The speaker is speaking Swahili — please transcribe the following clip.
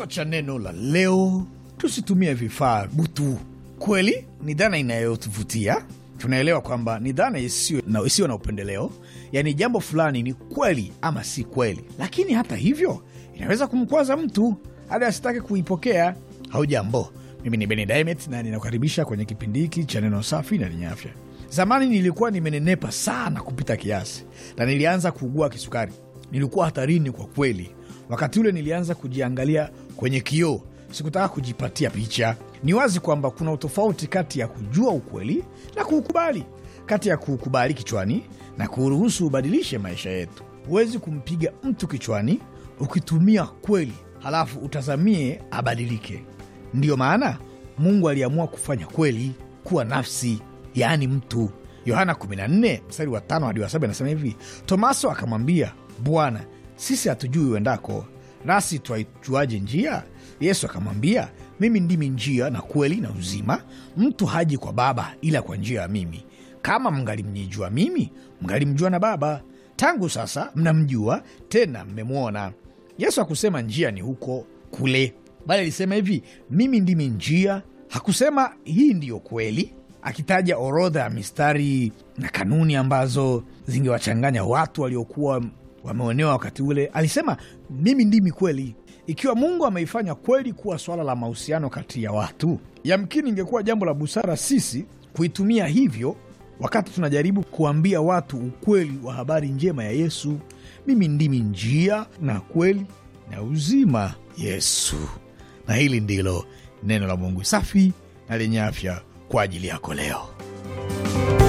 Kichwa cha neno la leo, tusitumie vifaa butu. Kweli ni dhana inayotuvutia. Tunaelewa kwamba ni dhana isiyo na, isiyo na upendeleo, yaani jambo fulani ni kweli ama si kweli, lakini hata hivyo inaweza kumkwaza mtu hadi asitake kuipokea. Haujambo, mimi ni Beni Dimet na ninakukaribisha kwenye kipindi hiki cha neno safi na lenye afya. Zamani nilikuwa nimenenepa sana kupita kiasi na nilianza kuugua kisukari. Nilikuwa hatarini kwa kweli. Wakati ule nilianza kujiangalia kwenye kioo, sikutaka kujipatia picha. Ni wazi kwamba kuna utofauti kati ya kujua ukweli na kuukubali, kati ya kuukubali kichwani na kuruhusu ubadilishe maisha yetu. Huwezi kumpiga mtu kichwani ukitumia kweli halafu utazamie abadilike. Ndiyo maana Mungu aliamua kufanya kweli kuwa nafsi, yaani mtu. Yohana 14 mstari wa 5 hadi wa 7 hivi: Tomaso akamwambia Bwana, sisi hatujui uendako nasi twaijuaje njia? Yesu akamwambia, mimi ndimi njia na kweli na uzima, mtu haji kwa Baba ila kwa njia ya mimi. Kama mngalimnyijua mimi, mngalimjua na Baba. Tangu sasa mnamjua tena mmemwona. Yesu hakusema njia ni huko kule, bali alisema hivi, mimi ndimi njia. Hakusema hii ndiyo kweli, akitaja orodha ya mistari na kanuni ambazo zingewachanganya watu waliokuwa wameonewa wakati ule. Alisema mimi ndimi kweli. Ikiwa Mungu ameifanya kweli kuwa swala la mahusiano kati ya watu, yamkini ingekuwa jambo la busara sisi kuitumia hivyo wakati tunajaribu kuambia watu ukweli wa habari njema ya Yesu. Mimi ndimi njia na kweli na uzima, Yesu. Na hili ndilo neno la Mungu safi na lenye afya kwa ajili yako leo.